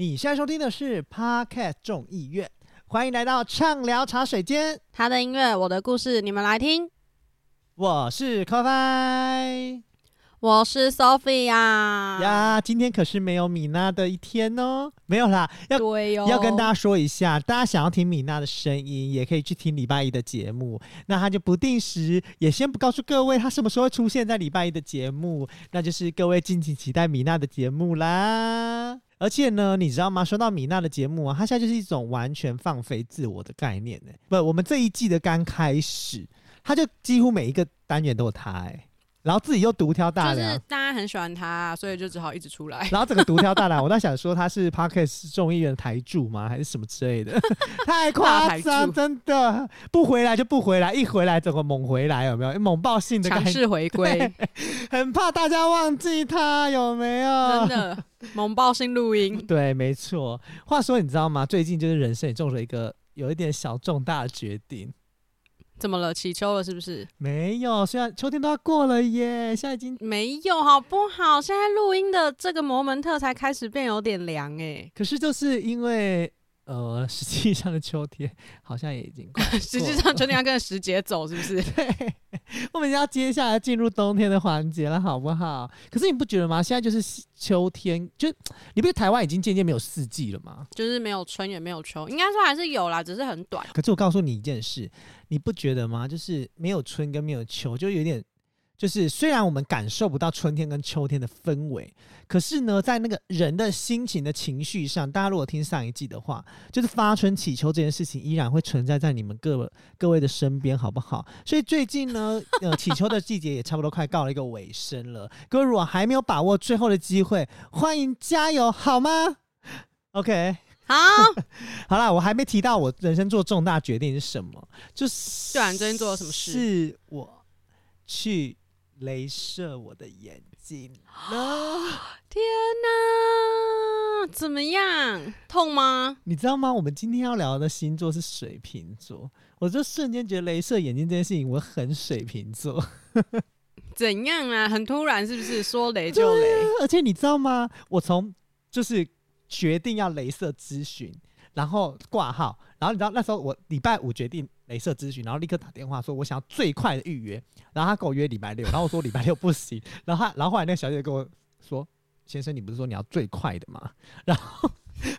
你現在收聽的是《Podcast 眾議院》，歡迎來到唱聊茶水間。他的音樂，我的故事，你們來聽。我是 Kofi，我是 Sophia。呀，今天可是沒有米娜的一天哦。沒有啦，要、哦、要跟大家說一下，大家想要聽米娜的聲音，也可以去聽禮拜一的節目。那他就不定時，也先不告訴各位他什麼時候會出現在禮拜一的節目。那就是各位敬請期待米娜的節目啦。而且呢，你知道嗎？說到米娜的節目啊，她現在就是一種完全放飛自我的概念誒、欸，不，我們這一季的剛開始，她就幾乎每一個單元都有她、欸，誒。然後自己又獨挑大梁，就是大家很喜歡他，所以就只好一直出來。然後整個獨挑大梁， 我在想說他是 Podcast 眾議院台柱嗎，還是什麼之類的？ 太誇誇張張， 真的不回來就不回來，一回來整個猛回來？有沒有猛爆性的強勢回歸？很怕大家忘記他，有沒有？真的猛爆性錄音？ 對，沒錯。話說，你知道嗎？最近就是人生也做了一個有一點小重大的決定。怎麼了？起秋了是不是？沒有，雖然秋天都要過了耶，現在已經沒有好不好？現在錄音的這個摩門特才開始變有點涼誒。可是就是因為。呃，實際上的秋天好像也已經過了。實 際上，春天要跟着時節走，是不是？ 對，我們要接下來進入冬天的環節了，好不好？可是你不覺得嗎？現在就是秋天，就你不覺得台灣已經漸漸沒有四季了嗎？就是沒有春，也沒有秋，應該說還是有啦，只是很短。可是我告訴你一件事，你不覺得嗎？就是沒有春跟沒有秋，就有點。就是雖然我們感受不到春天跟秋天的氛圍，可是呢，在那個人的心情的情緒上，大家如果聽上一季的話，就是發春祈求這件事情依然會存在在你們各各位的身邊，好不好？所以最近呢，呃，祈求的季節也差不多快告了一個尾聲了。 各位如果還沒有把握最後的機會，歡迎加油，好嗎？OK，好， 好啦，我還沒提到我人生做重大決定是什麼，就是最近做了什麼事，是我去。雷射我的眼睛？天哪、啊！怎麼樣？痛嗎？你知道嗎？我們今天要聊的星座是水瓶座，我就瞬間覺得雷射眼睛這件事情，我很水瓶座。 怎樣啊？很突然是不是？說雷就雷、啊。而且你知道嗎？我從就是決定要雷射諮詢，然後掛號，然後你知道那時候我禮拜五決定。鐳射諮詢，然後立刻打電話說，我想要最快的預約。然後他跟我約禮拜六，然後我說禮拜六不行。 然後他，然後後來那個小姐，姐跟我說：“先生，你不是說你要最快的嗎？”然後，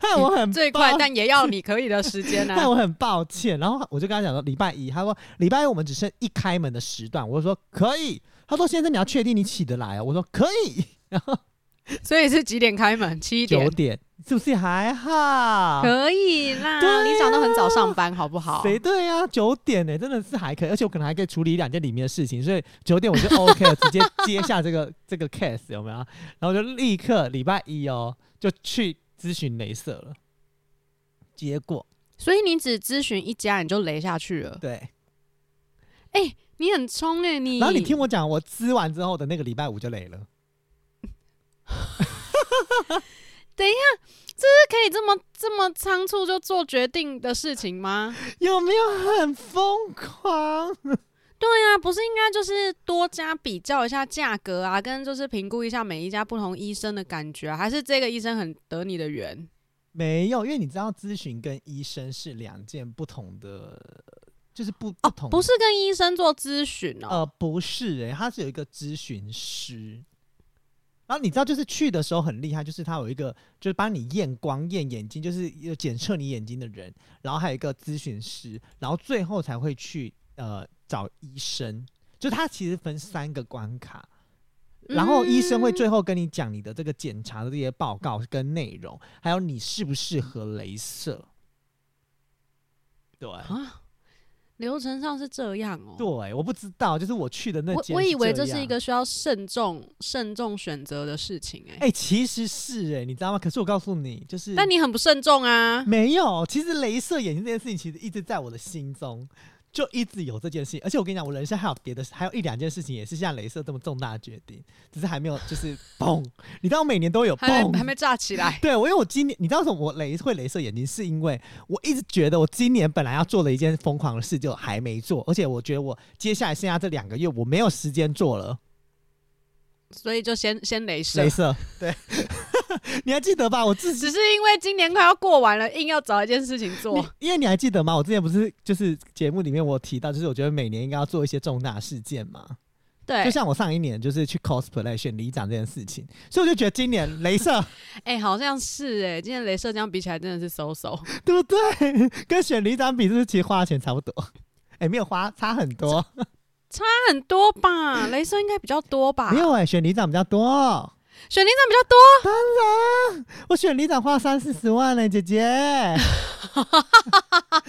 那我很最快，但也要你可以的時間那、啊、 我很抱歉。然後我就跟他講說禮拜一，他說禮拜一我們只剩一開門的時段。我就說可以。他說先生，你要確定你起得來啊、哦？我說可以。然後。所以是幾點開門？七點、九點，是不是還好？可以啦，對、啊，你早都很早上班，好不好？誰對啊？九點呢，欸，真的是還可以，而且我可能還可以處理兩件裡面的事情，所以九點我就 OK 了， 直接接下這個這個 case 有沒有？然後就立刻禮拜一哦、喔，就去諮詢雷射了。結果，所以你只諮詢一家，你就雷下去了。對，哎、欸，你很衝明、欸。你，然後你聽我講，我諮完之後的那個禮拜五就雷了。 等一下，這是可以這麼這麼倉促就做決定的事情嗎？ 有沒有很瘋狂？ 對啊，不是應該就是多加比較一下價格啊，跟就是評估一下每一家不同醫生的感覺、啊，還是這個醫生很得你的緣？沒有，因為你知道諮詢跟醫生是兩件不同的，就是不不同的。哦，不是跟醫生做諮詢哦，呃，不是、欸，哎，他是有一個諮詢師。然後你知道，就是去的時候很厲害，就是他有一個，就是幫你驗光驗眼睛，就是有檢測你眼睛的人，然後還有一個諮詢師，然後最後才會去呃找醫生。就他其實分三個關卡，然後醫生會最後跟你講你的這個檢查的這些報告跟內容，還有你適不適合鐳射。對啊。流程上是這樣哦、喔，對、欸，我不知道，就是我去的那間我，我以為這是一個需要慎重、慎重選擇的事情、欸，哎、欸，其實是哎、欸，你知道嗎？可是我告訴你，就是。但你很不慎重啊。沒有，其實雷射眼睛這件事情，其實一直在我的心中。就一直有這件事，而且我跟你講，我人生還有別的，還有一兩件事情也是像鐳射這麼重大的決定，只是還沒有，就是砰，你知道什麼我每年都有砰，還沒，還沒炸起來。對我，因為我今年，你知道，我雷會鐳射眼睛，是因為我一直覺得我今年本來要做的一件瘋狂的事就還沒做，而且我覺得我接下來剩下這兩個月我沒有時間做了，所以就先先鐳射鐳射，對。 你還記得吧？我自己只是因為今年快要過完了，硬要找一件事情做。因為你還記得嗎？我之前不是就是節目裡面我提到，就是我覺得每年應該要做一些重大事件嘛。對，就像我上一年就是去 cosplay 選里長這件事情，所以我就覺得今年鐳射，哎 欸，好像是哎、欸，今年鐳射這樣比起來真的是收、so、收 -so，對不對？跟選里長比，是其實花錢差不多。哎、欸，沒有花差很多差，差很多吧？鐳 射應該比較多吧？沒有哎、欸，選里長比較多。選禮長比較多，當然，我選禮長花三四十萬嘞，姐姐。哈哈哈哈哈！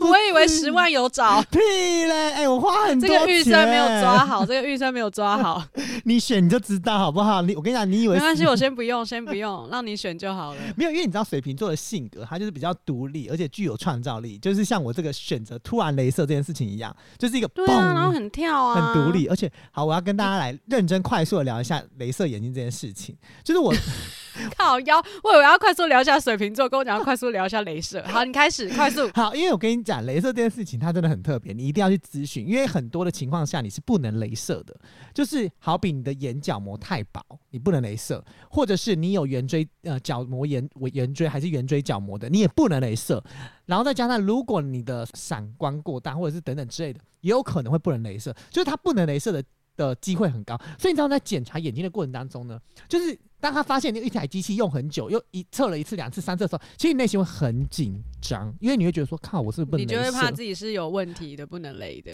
我以為十萬有找。屁嘞！哎、欸，我花很多。這個預算沒有抓好，這個預算沒有抓好。 你選你就知道好不好？你我跟你講，你以為沒關係，我先不用，先不用， 讓你選就好了。沒有，因為你知道水瓶座的性格，他就是比較獨立，而且具有創造力，就是像我這個選擇突然鐳射這件事情一樣，就是一個蹦、啊，然後很跳啊，很獨立，而且好，我要跟大家來認真快速的聊一下鐳射眼睛。這件事情就是我， 靠腰，腰我我要快速聊一下水瓶座，跟我講要快速聊一下雷射。 好，你開始快速。好，因為我跟你講，雷射這件事情它真的很特別，你一定要去諮詢，因為很多的情況下你是不能雷射的。就是好比你的眼角膜太薄，你不能雷射；或者是你有圓錐呃角膜炎圓錐還是圓錐角膜的，你也不能雷射。然後再加上，如果你的散光過大，或者是等等之類的，也有可能會不能雷射。就是它不能雷射的。的機會很高，所以你知道在檢查眼睛的過程當中呢，就是當他發現你有一台機器用很久，又一測了一次、兩次、三次的時候，其實你內心會很緊張，因為你會覺得說：“靠，我是不，是不能，你就會怕自己是有問題的，不能累的。”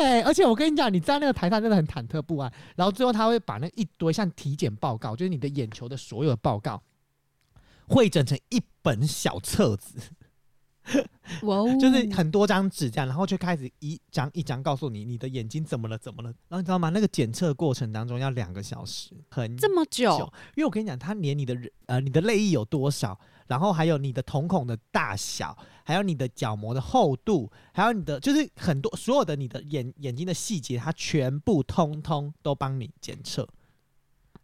對，而且我跟你講，你在那個台上真的很忐忑不安，然後最後他會把那一堆像體檢報告，就是你的眼球的所有的報告，匯整成一本小冊子。 就是很多張紙這樣，然後就開始一張一張告訴你你的眼睛怎麼了怎麼了。然後你知道嗎？那個檢測過程當中要兩個小時，很這麼久。因為我跟你講，它連你的呃你的淚液有多少，然後還有你的瞳孔的大小，還有你的角膜的厚度，還有你的就是很多所有的你的眼眼睛的細節，它全部通通都幫你檢測。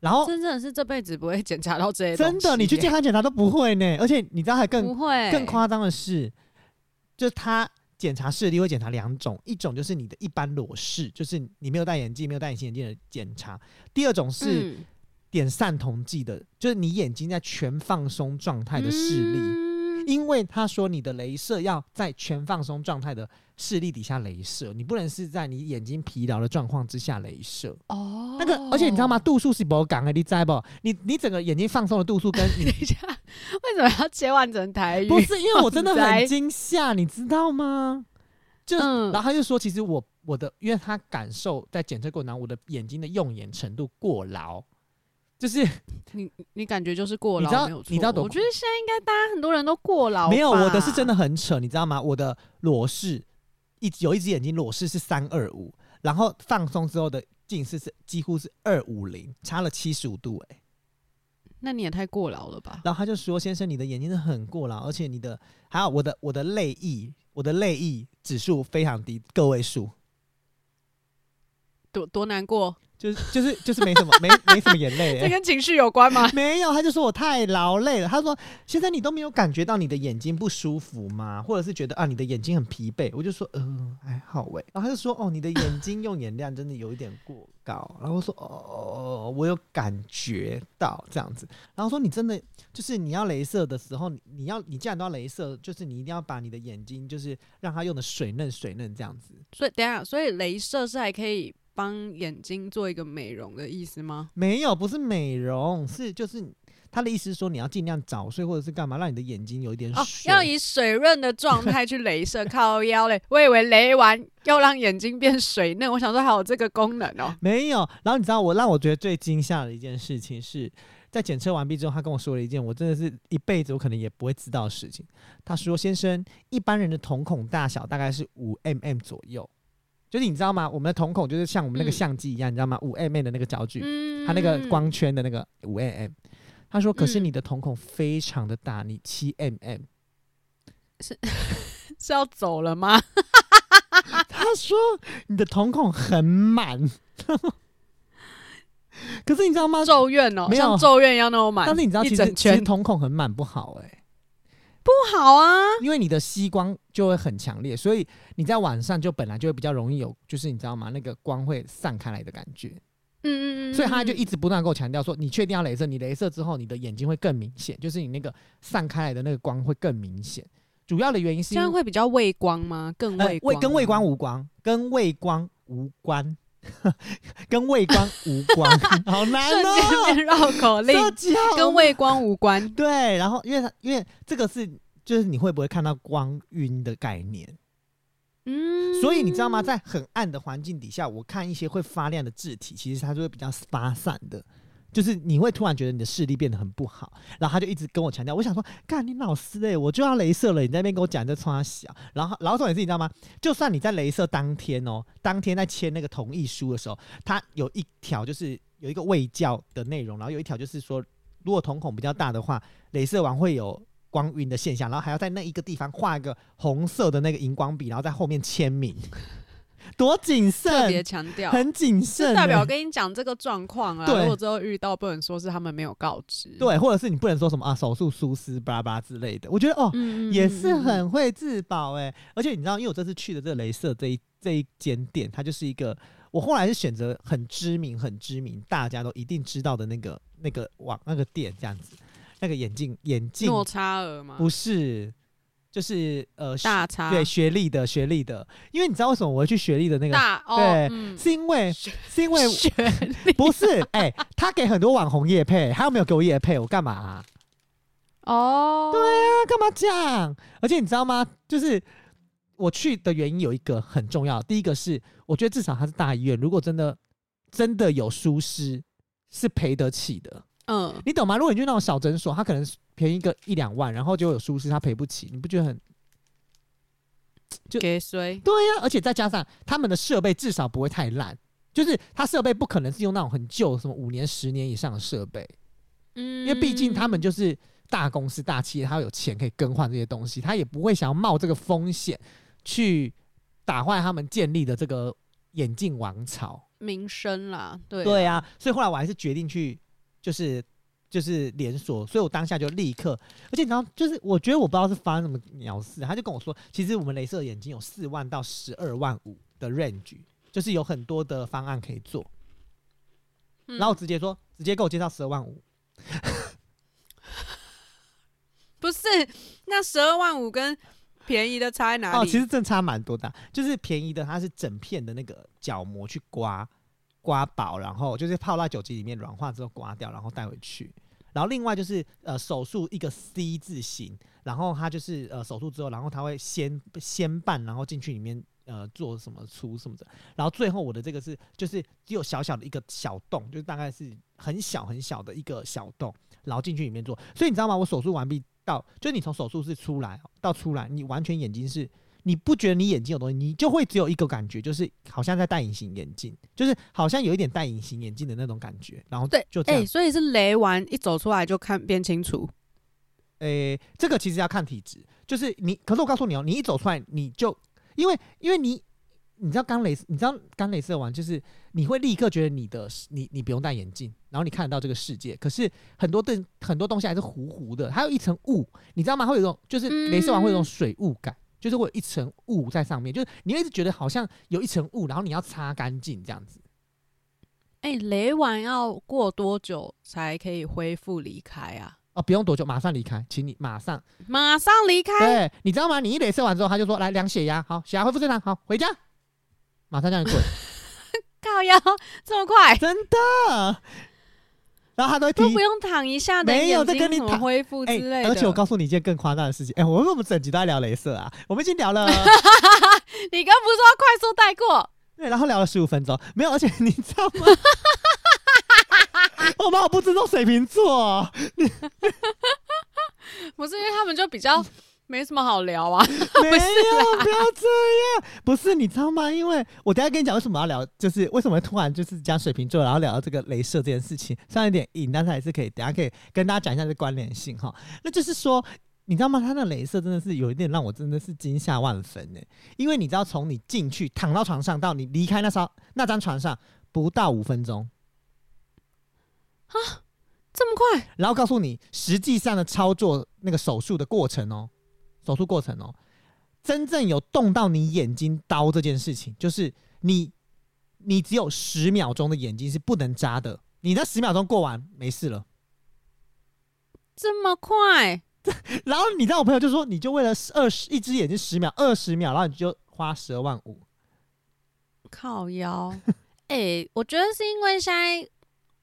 然後真正的是這輩子不會檢查到這些東西真的，你去健康檢查都不會呢。而且你知道還更不會更誇張的是，就是他檢查視力會檢查兩種，一種就是你的一般裸視，就是你沒有戴眼鏡、沒有戴隱形眼鏡的檢查；第二種是點散瞳劑的，嗯、就是你眼睛在全放鬆狀態的視力。嗯因為他說你的雷射要在全放鬆狀態的視力底下雷射，你不能是在你眼睛疲勞的狀況之下雷射。哦，那個，而且你知道嗎？度數是不好講的，你知不？你你整個眼睛放鬆的度數跟你等一下為什麼要切換成台語？不是因為我真的很驚嚇，你知道嗎？就、嗯、然後他就說，其實我我的，因為他感受在檢測過程，然後我的眼睛的用眼程度過勞。就是你，你感覺就是過勞，你知道，你知道？我覺得現在應該大家很多人都過勞。沒有我的是真的很扯，你知道嗎？我的裸視一有一隻眼睛裸視是三二五，然後放鬆之後的近視是幾乎是二五零，差了七十五度哎、欸。那你也太過勞了吧？然後他就說：“先生，你的眼睛很過勞，而且你的還有我的我的淚液，我的淚液指數非常低，個位數，多多難過。”就是就是就是沒什麼 沒沒什麼眼淚，這跟情緒有關嗎？沒有，他就說我太勞累了。他說現在你都沒有感覺到你的眼睛不舒服嗎？或者是覺得啊你的眼睛很疲憊？我就說嗯還、哎、好喂。然後他就說哦你的眼睛用眼量真的有一點過高。 然後我說哦我有感覺到這樣子。然後說你真的就是你要鐳射的時候，你你要你既然都要鐳射，就是你一定要把你的眼睛就是讓它用的水嫩水嫩這樣子。所以等下，所以鐳射是還可以。幫眼睛做一個美容的意思嗎？沒有，不是美容，是就是他的意思是說你要儘量早睡或者是幹嘛，讓你的眼睛有一點水，哦，要以水潤的狀態去鐳射 靠腰嘞。我以為鐳完要讓眼睛變水嫩，我想說還有這個功能哦，沒有。然後你知道我讓我覺得最驚嚇的一件事情是在檢測完畢之後，他跟我說了一件我真的是一輩子我可能也不會知道的事情。他說：“先生，一般人的瞳孔大小大概是五 mm 左右。”就是你知道嗎？我們的瞳孔就是像我們那個相機一樣，嗯，你知道嗎？五 mm 的那個焦距，嗯，它那個光圈的那個五 mm。他說、嗯：“可是你的瞳孔非常的大，你七 mm 是是要走了嗎？” 他說：“你的瞳孔很滿， 可是你知道嗎？咒怨哦、喔，沒有，像咒怨一樣那麼滿。但是你知道其實其實瞳孔很滿不好哎、欸。”不好啊，因為你的吸光就會很強烈，所以你在晚上就本來就會比較容易有，就是你知道嗎？那個光會散開來的感覺，嗯嗯嗯，所以他就一直不斷跟我強調說，你確定要鐳射？你鐳射之後，你的眼睛會更明顯，就是你那個散開來的那個光會更明顯。主要的原因是這樣會比較畏光嗎？更畏光啊，呃，畏光，跟畏光無關，跟畏光無關。 跟味光，光、， 喔、光無關，好難哦！繞口令，跟味光無關。對，然後因為它，因為這個是就是你會不會看到光暈的概念？嗯，所以你知道嗎？在很暗的環境底下，我看一些會發亮的字體，其實它就會比較發散的。就是你會突然覺得你的視力變得很不好，然後他就一直跟我強調。我想說，幹你老師嘞、欸，我就要鐳射了，你在那邊跟我講這衝他笑。然後老總你自己知道嗎？就算你在鐳射當天哦，當天在簽那個同意書的時候，他有一條就是有一個衛教的內容，然後有一條就是說，如果瞳孔比較大的話，鐳射完會有光暈的現象，然後還要在那一個地方畫一個紅色的那個熒光筆，然後在後面簽名。 多謹慎，特別強調，很謹慎，代表我跟你講這個狀況啊。如果之後遇到，不能說是他們沒有告知，對，或者是你不能說什麼啊，手術疏失巴巴之類的。我覺得哦、嗯，也是很會自保誒、嗯。而且你知道，因為我這次去的這個雷射這一這一間店，它就是一個我後來是選擇很知名、很知名，大家都一定知道的那個那個網那個店這樣子，那個眼鏡眼鏡諾差爾嗎？不是。就是呃，大學對學歷的學歷的，因為你知道為什麼我會去學歷的那個那對、哦嗯，是因為是因為學歷、啊、不是哎、欸，他給很多網紅業配，他又沒有給我業配，我幹嘛、啊？哦，對啊，幹嘛這樣？而且你知道嗎？就是我去的原因有一個很重要，第一個是我覺得至少他是大醫院，如果真的真的有疏失，是賠得起的。嗯，你懂嗎？如果你去那種小診所，他可能便宜個一兩萬，然後就有疏失，他賠不起，你不覺得很？就給誰？對呀、啊，而且再加上他們的設備至少不會太爛，就是他設備不可能是用那種很舊，什麼五年、十年以上的設備，嗯，因為畢竟他們就是大公司、大企業，他要有錢可以更換這些東西，他也不會想要冒這個風險去打壞他們建立的這個眼鏡王朝名聲啦，對、啊、對呀、啊，所以後來我還是決定去，就是。就是連鎖，所以我當下就立刻，而且你知道，就是，我覺得我不知道是發生什麼鳥事，他就跟我說，其實我們鐳射眼睛有四萬到十二萬五的 range，就是有很多的方案可以做，嗯、然後我直接說，直接給我介紹十二萬五， 不是，那十二萬五跟便宜的差在哪裡？哦，其實正差蠻多的，就是便宜的它是整片的那個角膜去刮，刮薄，然後就是泡在酒精裡面軟化之後刮掉，然後帶回去。然後另外就是呃手術一個 C 字形，然後他就是呃手術之後，然後他會先先辦，然後進去裡面呃做什麼出什麼的，然後最後我的這個是就是只有小小的一個小洞，就是大概是很小很小的一個小洞，然後進去裡面做。所以你知道嗎？我手術完畢到，就你從手術室出來到出來，你完全眼睛是。你不覺得你眼睛有東西，你就會只有一個感覺，就是好像在戴隱形眼鏡，就是好像有一點戴隱形眼鏡的那種感覺。然後對，就、欸、哎，所以是雷完一走出來就看變清楚？誒、欸，這個其實要看體質，就是你，可是我告訴你哦、喔，你一走出來你就，因為因為你，你知道剛雷，你知道剛雷射完就是你會立刻覺得你的你你不用戴眼鏡，然後你看得到這個世界，可是很多東很多東西還是糊糊的，還有一層霧，你知道嗎？會有種就是雷射完會有種水霧感。嗯就是會有一層霧在上面，就是你一直覺得好像有一層霧，然後你要擦乾淨這樣子。哎、欸，雷完要過多久才可以恢復離開啊？哦，不用多久，馬上離開，請你馬上馬上離開。對，你知道嗎？你一雷射完之後，他就說來量血壓，好血壓恢復正常，好回家，馬上叫你滾。 靠腰，這麼快，真的。然後他都都不用躺一下的，沒有在跟你躺恢復之類的。的、欸、而且我告訴你一件更誇張的事情，哎、欸，我們我們整集都在聊鐳射啊，我們已經聊了。哈哈哈哈，你剛不是說快速帶過？對，然後聊了十五分鐘，沒有，而且你知道嗎？ 我們好不尊重水瓶座，不是因為他們就比較。 沒什麼好聊啊， 沒有， 不，是不要這樣，不是你知道嗎？因為我等下跟你講為什麼要聊，就是為什麼突然就是講水瓶座，然後聊到這個鐳射這件事情，雖然有點硬，但是還是可以，等下可以跟大家講一下這關聯性哈。那就是說，你知道嗎？他的鐳射真的是有一點讓我真的是驚嚇萬分呢，因為你知道你，從你進去躺到床上到你離開那時候那張床上不到五分鐘啊，這麼快，然後告訴你實際上的操作那個手術的過程哦、喔。手術過程哦、喔，真正有動到你眼睛刀這件事情，就是你，你只有十秒鐘的眼睛是不能眨的，你那十秒鐘過完沒事了，這麼快？ 然後你知道我朋友就說，你就為了二十一隻眼睛十秒二十秒，然後你就花十二萬五，靠腰？哎、欸，我覺得是因為現在。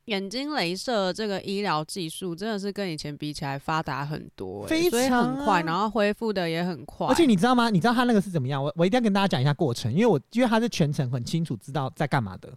眼睛雷射這個醫療技術真的是跟以前比起來發達很多，欸非常啊，所以很快，然後恢復的也很快。而且你知道嗎？你知道他那個是怎麼樣？我我一定要跟大家講一下過程，因為我因為他是全程很清楚知道在幹嘛的。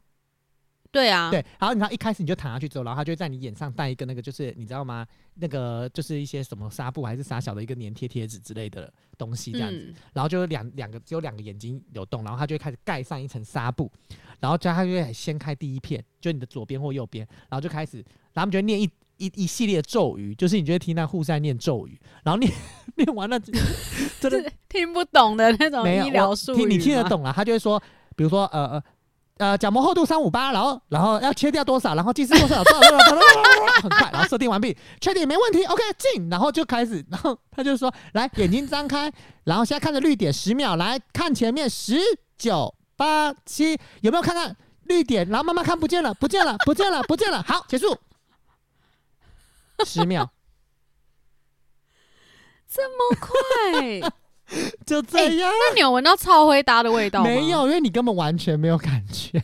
對啊，對，然後你知道一開始，你就躺下去之後，然後他就會在你眼上戴一個那個，就是你知道嗎？那個就是一些什麼紗布還是啥小的一個粘貼貼紙之類的東西這樣子，嗯、然後就是兩兩個只有兩個眼睛有洞，然後他就會開始蓋上一層紗布，然後接下來就，就會掀開第一片，就你的左邊或右邊，然後就開始，然後他們就念一一一系列咒語，就是你就會聽他互相念咒語，然後念念完了就， 真的是聽不懂的那種醫療術語，啊聽，你聽得懂了，啊，他就會說，比如說呃呃。呃，角膜厚度三五八，然後，然後要切掉多少？然後近視多少？很快，然後設定完畢，確定沒問題，OK，進，然後就開始，然後他就說，來，眼睛張開，然後現在看着綠點十秒，來看前面十九八七，19, 8, 7, 有沒有看看綠點？然後慢慢看不見了，不見了，不見了， 不見了，好，結束，十 秒，這麼快。 就這樣，欸、那你有聞到臭灰搭的味道嗎？ 沒有，因為你根本完全沒有感覺。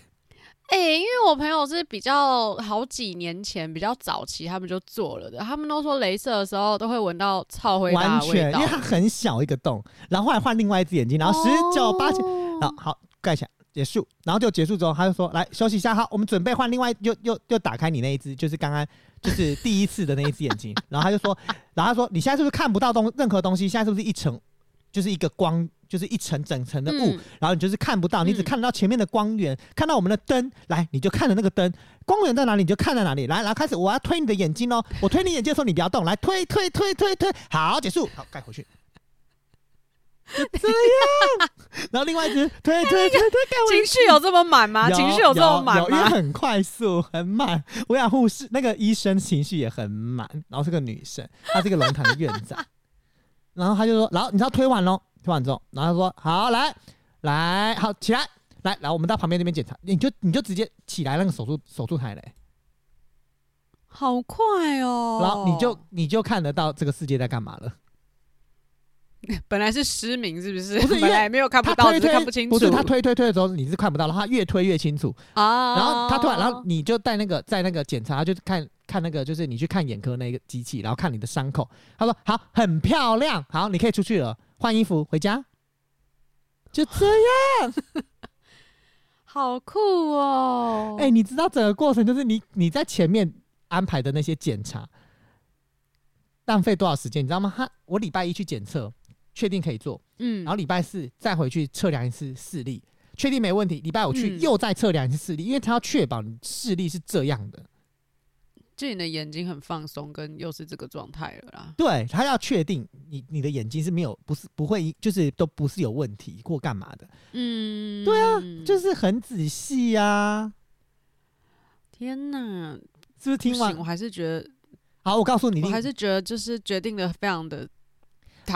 哎、欸，因為我朋友是比較好幾年前比較早期，他們就做了的。他們都說，鐳射的時候都會聞到臭灰的，完全因為它很小一個洞。然後後來換另外一只眼睛，然後十九八千，啊，好，蓋起來，結束，然後就結束之後，他就說，來休息一下，好，我們準備換另外，又又又打開你那一只，就是剛剛就是第一次的那一只眼睛。 然後他就說，然後他說你現在是不是看不到東任何東西？現在是不是一層？就是一個光，就是一層整層的霧，嗯，然後你就是看不到，你只看得到前面的光源，嗯，看到我們的燈，來，你就看着那個燈，光源在哪裡你就看在哪裡。來，來開始，我要推你的眼睛哦，我推你眼睛的時候你不要動，來推推推推推，好，結束，好蓋回去。這樣， 然後另外一只推推推推，欸、蓋回去。那個情，情緒有這麼滿嗎？情緒有這麼滿，因為很快速，很滿。我想護士那個醫生情緒也很滿，然後是個女生，她是個龍潭的院長。 然後他就說，然後你知道推完了，推完之後，然後他說，好來，來好起來，來來，然後我們到旁邊那邊檢查，你就你就直接起來那個手術手術台嘞，好快哦，然後你就你就看得到這個世界在幹嘛了。本來是失明，是不是？不是，本來沒有看不到，推推是看不清楚。不是，他推推推的時候你是看不到的，他越推越清楚啊。Oh. 然後他突然，然後你就帶那個在那個檢查，就是看看那個，就是你去看眼科那個機器，然後看你的傷口。他說：“好，很漂亮，好，你可以出去了，換衣服回家。”就這樣， 好酷哦！哎、欸，你知道整個過程就是你你在前面安排的那些檢查浪費多少時間？你知道嗎？他我禮拜一去檢測。確定可以做，嗯，然後禮拜四再回去測量一次視力，確定沒問題。禮拜五去又再測量一次視力，嗯，因為他要確保你視力是這樣的，就你的眼睛很放鬆，跟又是這個狀態了啦。對，他要確定你你的眼睛是沒有不是不會就是都不是有問題或幹嘛的，嗯，對啊，就是很仔細啊。天哪，是不是聽完我還是覺得好？我告訴你，我還是覺得就是決定的非常的。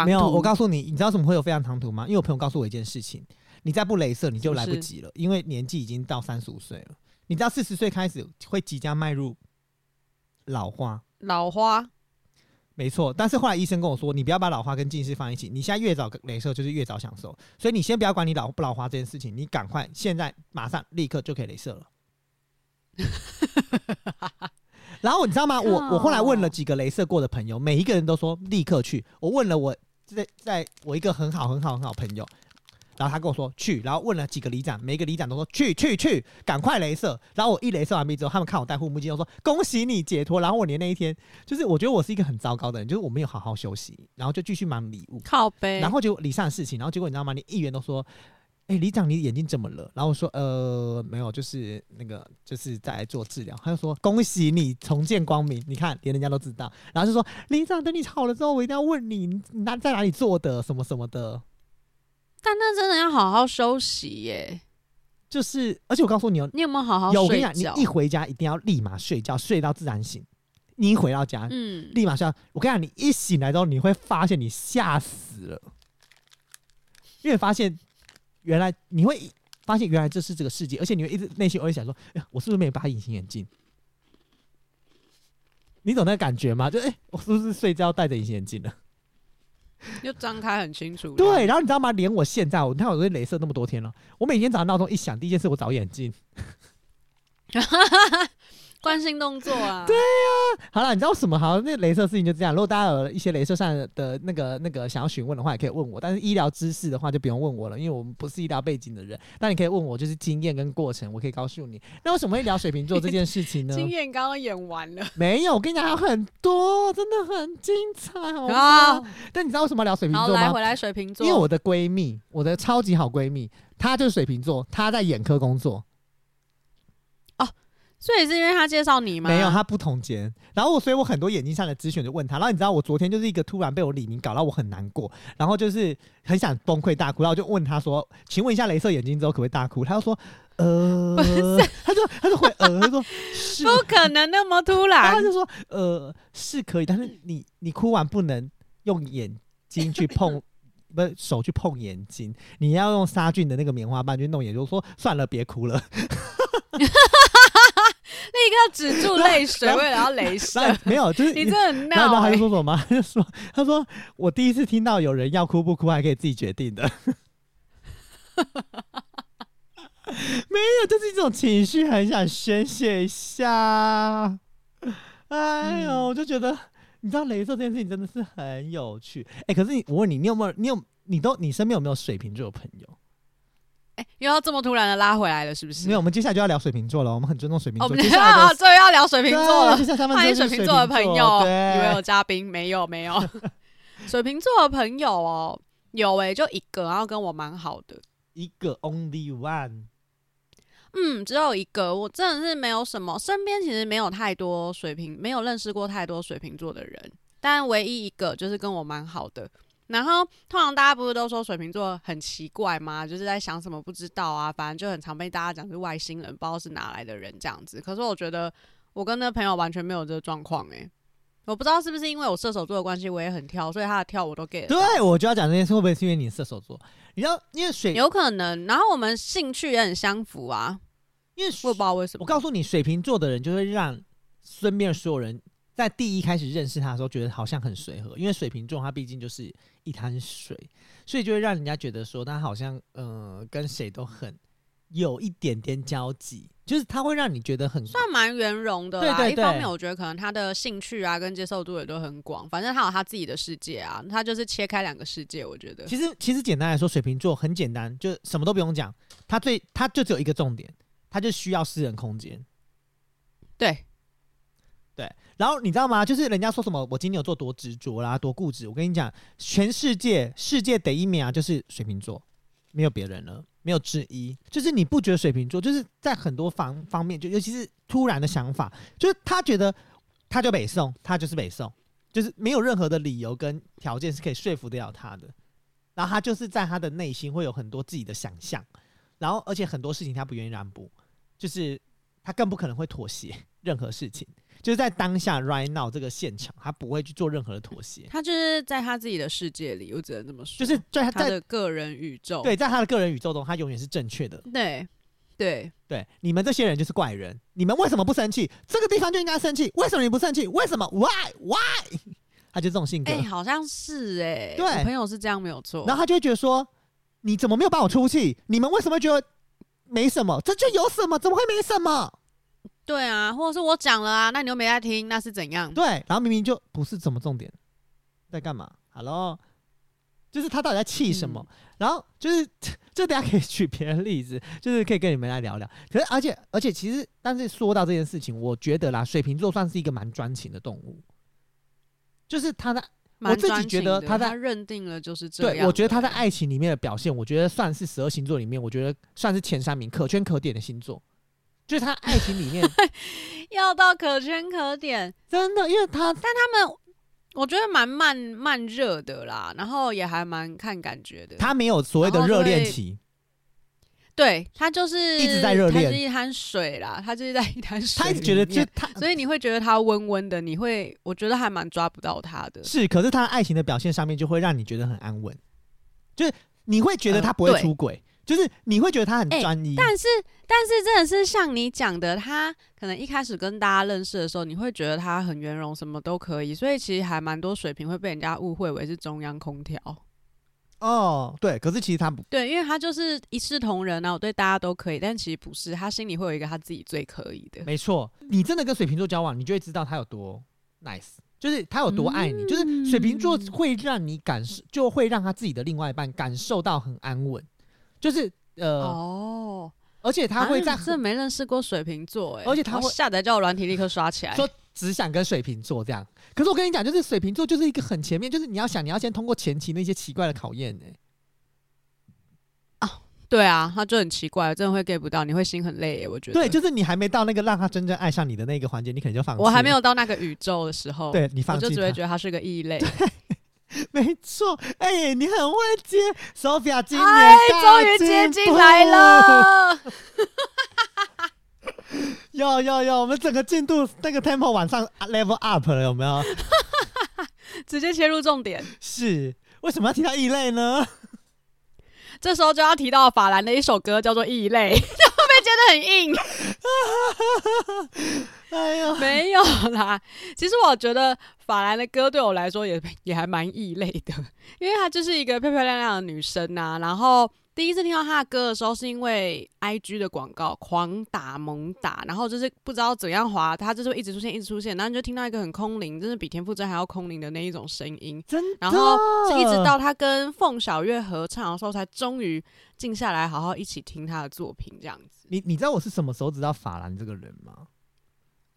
沒有，我告訴你，你知道怎麼會有非常長途嗎？因為我朋友告訴我一件事情，你再不鐳射，你就來不及了，是是，因為年紀已經到三十五歲了。你知道四十歲開始會即將邁入老花。老花，沒錯。但是後來醫生跟我說，你不要把老花跟近視放一起，你現在越早鐳射就是越早享受，所以你先不要管你老不老花這件事情，你趕快現在馬上立刻就可以鐳射了。 然後你知道嗎？我我後來問了幾個鐳射過的朋友，每一個人都說立刻去。我問了我。在在我一個很好很好很好朋友，然後他跟我說去，然後問了幾個里長，每一個里長都說去去去，趕快雷射。然後我一雷射完畢之後，他們看我戴護目鏡都，就說恭喜你解脫。然後我連那一天，就是我覺得我是一個很糟糕的人，就是我沒有好好休息，然後就繼續忙禮物，靠北，然後就禮尚事情，然後結果你知道嗎？連議員都說。哎、欸，李長，你眼睛怎麼了？然後我說，呃，沒有，就是那個，就是在做治療。他就說，恭喜你重見光明。你看，連人家都知道。然後就說，李長，等你好了之後，我一定要問你，你在哪裡做的什麼什麼的。但那真的要好好休息耶。就是，而且我告訴你哦、喔，你有沒有好好休息？有，我跟你講，你一回家一定要立馬睡覺，睡到自然醒。你一回到家，嗯，立馬睡覺。我跟你講，你一醒來之後，你會發現你嚇死了，因為發現。原來你會發現，原來這是這個世界，而且你會一直內心偶爾想說：“哎、欸，我是不是沒有拔隱形眼鏡？”你懂那個感覺嗎？就哎、欸，我是不是睡覺戴着隱形眼鏡了？又張開很清楚。對，然後你知道嗎？連我現在，我你看我都鐳射那麼多天了、喔，我每天早上鬧鐘一響，第一件事我找眼鏡。 關心動作啊，對呀、啊，好了，你知道什麼？好，那鐳射事情就這樣。如果大家有一些鐳射上的那個那個想要詢問的話，也可以問我。但是醫療知識的話，就不用問我了，因為我們不是醫療背景的人。那你可以問我，就是經驗跟過程，我可以告訴你。那為什麼會聊水瓶座這件事情呢？ 經驗剛剛演完了，沒有。我跟你講，還有很多，真的很精彩啊！但你知道為什麼聊水瓶座嗎？來回來水瓶座，因為我的閨蜜，我的超級好閨蜜，她就是水瓶座，她在眼科工作。哦、啊。所以是因為他介紹你嗎？沒有，他不同間。然後我，所以我很多眼睛上的諮詢就問他。然後你知道，我昨天就是一個突然被我李明搞到我很難過，然後就是很想崩潰大哭。然後我就問他說：“請問一下，雷射眼睛之後可不可以大哭？”他就說：“呃，不是。他就”他就回、呃、 他就會呃，他說：“不可能那麼突然。”他就說：“呃，是可以，但是你你哭完不能用眼睛去碰， 不是手去碰眼睛，你要用殺菌的那個棉花棒去弄眼睛。”就說：“算了，別哭了。 ” 止住淚水，為了要雷射，沒有，就是你,你真的很鬧、欸、然後還是說什麼嗎？他就說他說我第一次聽到有人要哭不哭還可以自己決定的， 沒有，就是一種情緒，很想宣泄一下。哎呦，嗯、我就覺得你知道鐳射這件事情真的是很有趣。哎、欸，可是你我問你，你有沒有？你有？你都？你身邊有沒有水瓶座的朋友？哎、欸，又要這麼突然的拉回來了，是不是？沒有，我們接下來就要聊水瓶座了。我們很尊重水瓶座。哦、oh，對啊，終於要聊水瓶座了。歡迎水瓶座的朋友。有沒有嘉賓？沒有，沒有。 水瓶座的朋友哦，有誒，就一個，然後跟我蠻好的。一個 only one。嗯，只有一個。我真的是沒有什麼，身邊其實沒有太多水瓶，沒有認識過太多水瓶座的人。但唯一一個就是跟我蠻好的。然後通常大家不是都說水瓶座很奇怪嗎？就是在想什麼不知道啊，反正就很常被大家講是外星人，不知道是哪來的人這樣子。可是我覺得我跟那朋友完全沒有這個狀況哎，我不知道是不是因為我射手座的關係，我也很跳，所以他的跳我都 get。對，我就要講這件事，會不會是因為你射手座？你知道，因為水有可能。然後我們興趣也很相符啊，因為我也不知道為什麼。我告訴你，水瓶座的人就會讓身邊所有人在第一開始認識他的時候，覺得好像很隨和，因為水瓶座他畢竟就是。一灘水，所以就會讓人家覺得說他好像嗯、呃、跟誰都很有一點點交集，就是他會讓你覺得很算蠻圓融的啊。對啊，一方面我覺得可能他的興趣啊跟接受度也都很廣，反正他有他自己的世界啊，他就是切開兩個世界。我覺得其實其實簡單來說，水瓶座很簡單，就什麼都不用講，他最他就只有一個重點，他就需要私人空間。對。對，然後你知道嗎？就是人家說什麼，我今天有做多執着啦、啊，多固執。我跟你講，全世界世界第一名啊，就是水瓶座，沒有別人了，沒有之一。就是你不覺得水瓶座就是在很多方方面，就尤其是突然的想法，就是他覺得他就北宋，他就是北宋，就是沒有任何的理由跟條件是可以說服得了他的。然後他就是在他的內心會有很多自己的想象，然後而且很多事情他不願意讓步，就是他更不可能會妥協任何事情。就是在當下，right now 這個現場，他不會去做任何的妥協。他就是在他自己的世界裡，我只能這麼說。就是他在他的個人宇宙，對，在他的個人宇宙中，他永遠是正確的。對，對，對，你們這些人就是怪人。你們為什麼不生氣？這個地方就應該生氣。為什麼你不生氣？為什麼？Why？Why？他 Why? 就這種性格。哎、欸，好像是哎、欸，我朋友是這樣沒有錯。然後他就會覺得說，你怎麼沒有幫我出氣？你們為什麼會覺得沒什麼？這就有什麼？怎麼會沒什麼？對啊，或者是我講了啊，那你又沒在聽，那是怎樣？對，然後明明就不是什麼重點，在幹嘛？哈囉，Hello? 就是他到底在氣什麼？嗯、然後就是，這大家可以舉別的例子，就是可以跟你們來聊聊。可是，而且，而且，其實，但是說到這件事情，我覺得啦，水瓶座算是一個蠻專情的動物，就是他的、的我自己覺得他在他認定了就是這樣。對，我覺得他在愛情裡面的表現，我覺得算是十二星座裡面，我覺得算是前三名，可圈可點的星座。就是他愛情裡面 要到可圈可點，真的，因為他但他們我覺得蠻慢慢熱的啦，然後也還蠻看感覺的。他沒有所謂的熱戀期，對，他就是、他就是一直在熱戀，他是一潭水啦。他就是在一潭水，他一直覺得就他，所以你會覺得他溫溫的，你會我覺得還蠻抓不到他的。是，可是他愛情的表現上面就會讓你覺得很安穩，就是你會覺得他不會出軌。呃就是你會覺得他很專一。欸，但是但是真的是像你講的，他可能一開始跟大家認識的時候，你會覺得他很圓融，什麼都可以，所以其實還蠻多水瓶會被人家誤會為是中央空調。哦，對，可是其實他不，對，因為他就是一視同仁啊，我對大家都可以，但其實不是，他心裡會有一個他自己最可以的。沒錯，你真的跟水瓶座交往，你就會知道他有多 nice，就是他有多愛你，嗯，就是水瓶座會讓你感受，就會讓他自己的另外一半感受到很安穩。就是呃哦，而且他會在這、啊、沒認識過水瓶座哎、欸，而且他會他下載交友軟體立刻刷起來，說只想跟水瓶座這樣。可是我跟你講，就是水瓶座就是一個很前面，就是你要想，你要先通過前期那些奇怪的考驗哎、欸。啊、哦，對啊，他就很奇怪，真的會 get 不到，你會心很累、欸。我覺得對，就是你還沒到那個讓他真正愛上你的那個環節，你可能就放棄。我還沒有到那個宇宙的時候， 對，你放棄，我就只會覺得他是個異類。沒錯，哎、欸，你很會接手錶，Sophia，今年終於接進來了。有有有，我們整個進度那個 tempo 晚上 level up 了，有沒有？直接切入重點。是為什麼要提到異類呢？這時候就要提到法蘭的一首歌，叫做《異類》，後面接得很硬。 哎、沒有啦，其實我覺得法蘭的歌對我來說也也還蠻異類的，因為她就是一個漂漂亮亮的女生吶、啊。然後第一次聽到她的歌的時候，是因為 I G 的廣告狂打猛打，然後就是不知道怎樣滑，她就是一直出現，一直出現，然後你就聽到一個很空靈，真的比田馥甄還要空靈的那一種聲音，真的。然後是一直到她跟鳳小岳合唱的時候，才終於靜下來，好好一起聽她的作品這樣子。你你知道我是什麼時候知道法蘭這個人嗎？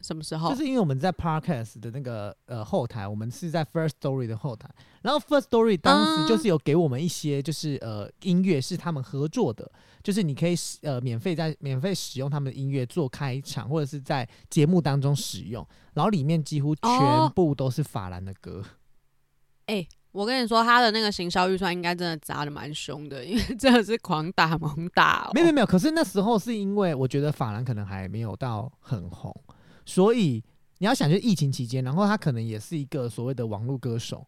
什麼時候？就是因為我們在 podcast 的那個呃後台，我們是在 First Story 的後台，然後 First Story 當時就是有給我們一些就是、嗯、呃音樂是他們合作的，就是你可以使呃免費在免費使用他們的音樂做開場或者是在節目當中使用，然後裡面幾乎全部都是法蘭的歌。哎、哦欸，我跟你說，他的那個行銷預算應該真的砸得蠻凶的，因為真的是狂打猛打、哦。 沒,有沒有沒有，可是那時候是因為我覺得法蘭可能還沒有到很紅。所以你要想，就是疫情期間，然後他可能也是一個所謂的網絡歌手，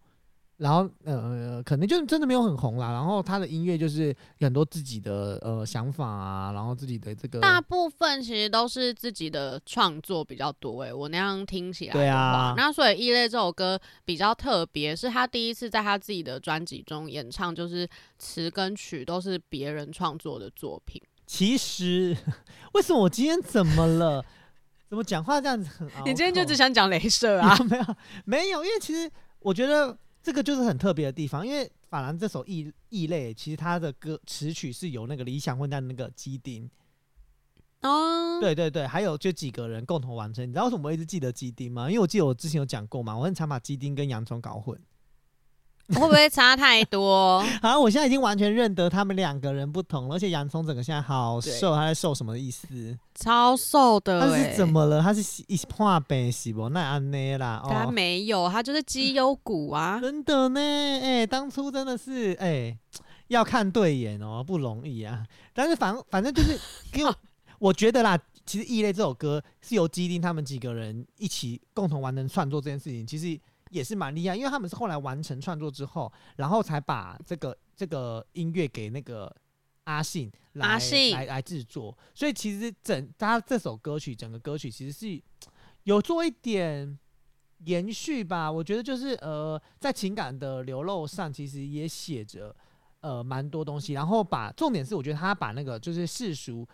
然後呃，可能就是真的沒有很紅啦。然後他的音樂就是很多自己的呃想法啊，然後自己的這個大部分其實都是自己的創作比較多。哎，我那樣聽起來對啊。那所以《異類》這首歌比較特別，是他第一次在他自己的專輯中演唱，就是詞跟曲都是別人創作的作品。其實為什麼我今天怎麼了？ 怎麼講話這樣子很？你今天就只想講鐳射啊？有沒有，沒有，因為其實我覺得這個就是很特別的地方，因為法蘭這首異異類，其實他的歌詞曲是由那個理想混蛋那個雞丁。哦。對對對，還有就幾個人共同完成。你知道為什麼我一直記得雞丁嗎？因為我記得我之前有講過嘛，我很常把雞丁跟洋蔥搞混。 會不會差太多？ 好，我現在已經完全認得他們兩個人不同了，而且洋蔥整個現在好瘦，他在瘦，什麼意思？超瘦的、欸，他是怎麼了？他是破病是不？那安內啦，他、哦、沒有，他就是績優股啊。 真的呢，哎、欸，當初真的是哎、欸，要看對眼哦，不容易啊。但是反正反正就是因為我覺得啦，其實《異類》這首歌是由基丁他們幾個人一起共同完成創作這件事情，其實。也是蠻厲害，因為他們是後來完成創作之後，然後才把這個這個音樂給那個阿信來阿信來來制作，所以其實整他這首歌曲整個歌曲其實是有做一點延續吧。我覺得就是呃，在情感的流露上，其實也寫着呃蠻多東西。然後把重點是，我覺得他把那個就是世俗。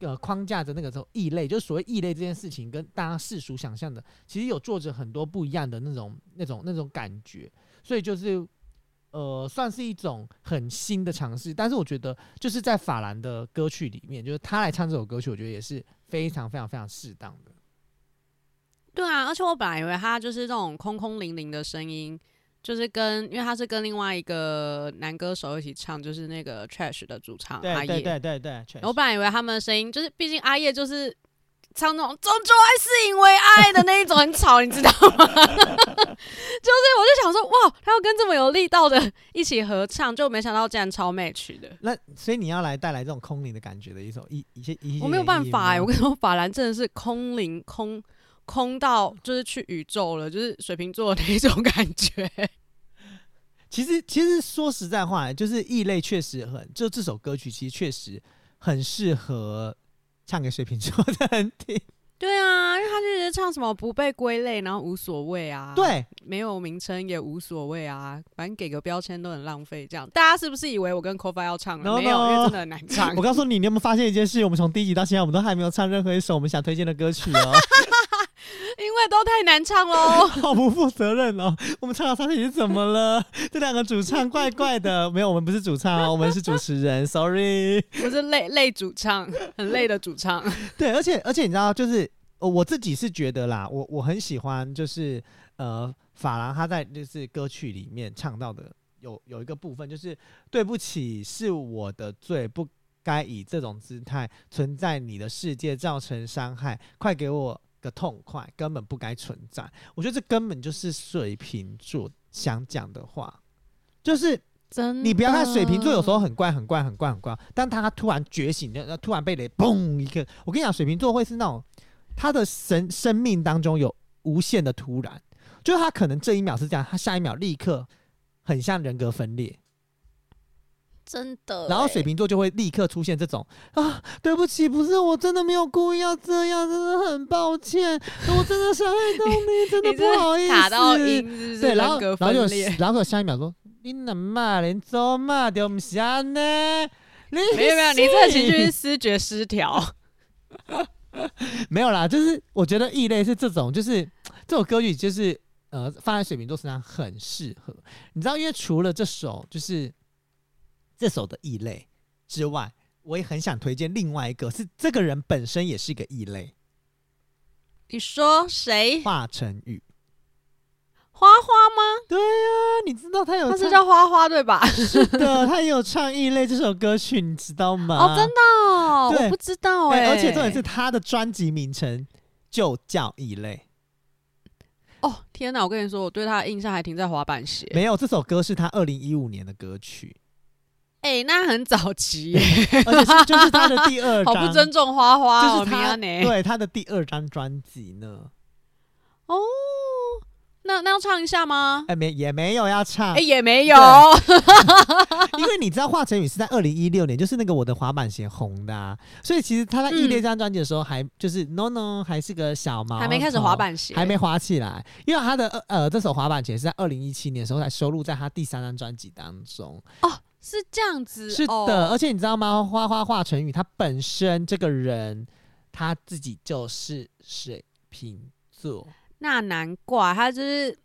呃，框架的那個時候異類，就是所謂異類這件事情，跟大家世俗想象的，其實有做着很多不一樣的那種、那種、那種感覺。所以就是，呃，算是一種很新的嘗試。但是我覺得，就是在法蘭的歌曲裡面，就是他來唱這首歌曲，我覺得也是非常、非常、非常適當的。對啊，而且我本來以為他就是這種空空靈靈的聲音。就是跟，因為他是跟另外一個男歌手一起唱，就是那個 Trash 的主唱阿葉，對耶對對對，對，對、Trash、我本來以為他們的聲音，就是畢竟阿葉就是唱那種“終究還是因為愛”的那一種 很吵，你知道嗎？ 就是我就想說，哇，他要跟這麼有力道的一起合唱，就沒想到竟然超 match 的。那所以你要來帶來這種空靈的感覺的一首一一些一些我沒有辦法哎、欸，我跟你說，法蘭真的是空靈空。空到就是去宇宙了，就是水瓶座的那一種感覺。其實，其實說實在話，就是異類確實很。就這首歌曲，其實確實很適合唱給水瓶座的人聽。對啊，因為他就覺得唱什麼不被歸類，然後無所謂啊。對，沒有名稱也無所謂啊，反正給個標籤都很浪費。這樣大家是不是以為我跟 Kofi 要唱了？No, no, 沒有，因為真的很難唱。我告訴你，你有沒有發現一件事？我們從第一集到現在，我們都還沒有唱任何一首我們想推薦的歌曲哦、喔。 因為都太難唱嘍，好 不負責任哦！我們唱到傷是怎麼了？ 這兩個主唱怪怪的，沒有，我們不是主唱哦。我們是主持人，sorry，我是累累主唱，很累的主唱。 對，而且而且你知道，就是我自己是覺得啦，我我很喜歡，就是呃，法蘭他在就是歌曲裡面唱到的有有一個部分，就是對不起，是我的罪，不該以這種姿態存在你的世界，造成傷害，快給我，的痛快根本不該存在，我覺得這根本就是水瓶座想講的話，就是真的。你不要看水瓶座有時候很怪，很怪，很怪，很怪，但他突然覺醒的，突然被雷，嘣一個。我跟你講，水瓶座會是那種他的生生命當中有無限的突然，就是他可能這一秒是這樣，他下一秒立刻很像人格分裂。真的、欸，然後水瓶座就會立刻出現這種啊，對不起，不是，我真的沒有故意要這樣，真的很抱歉， 我真的傷害到你， 你，真的不好意思。 對，然後然後就 然後，然後下一秒說， 你那嘛連做嘛都唔想呢？沒有沒有，你這個情緒是思覺失調。 沒有啦，就是我覺得異類是這種，就是這首歌曲就是呃，放在水瓶座身上很適合，你知道，因為除了這首就是。這首的《異類》之外，我也很想推薦另外一個是這個人本身也是一個異類。你說誰？華晨宇。花花嗎？對啊，你知道他有他是叫花花對吧？是的，他也有唱《異類》這首歌曲，你知道嗎？ 哦，真的、哦，我不知道哎、欸。而且重點是他的專輯名稱就叫《異類》。哦，天哪！我跟你說，我對他的印象還停在滑板鞋。沒有，這首歌是他二零一五年的歌曲。哎、欸，那很早期耶，而且是就是他的第二張， 好不尊重花花、哦，就是他對他的第二張專輯呢。哦，那那要唱一下嗎？哎、欸，沒也沒有要唱，哎、欸、也沒有， 因為你知道華晨宇是在二零一六年，就是那個我的滑板鞋紅的，啊，所以其實他在異類這張專輯的時候還，還、嗯、就是 no no 還是個小毛頭，還沒開始滑板鞋，還沒滑起來，因為他的呃這首滑板鞋是在二零一七年的時候才收錄在他第三張專輯當中哦。是這樣子，是的，oh, 而且你知道嗎？花花華晨宇他本身這個人，他自己就是水瓶座，那難怪他就是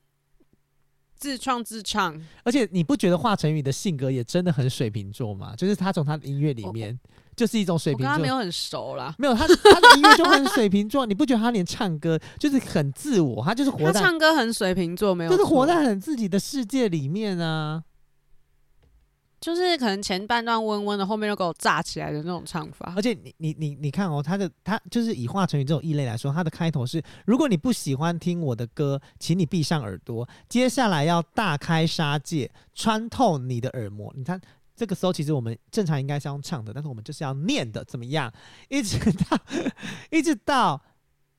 自創自唱。而且你不覺得華晨宇的性格也真的很水瓶座嗎？就是他從他的音樂裡面，oh, 就是一種水瓶座。他沒有很熟啦，沒有，他他的音樂就很水瓶座。 你不覺得他連唱歌就是很自我？他就是活在，他唱歌很水瓶座，沒有，就是活在很自己的世界裡面啊。就是可能前半段溫溫的，後面又給我炸起來的那種唱法。而且你你你你看哦，他的他就是以華晨宇這種異類來說，他的開頭是：如果你不喜歡聽我的歌，請你閉上耳朵。接下來要大開殺戒，穿透你的耳膜。你看，這個時候其實我們正常應該是要唱的，但是我們就是要念的，怎麼樣？一直到一直到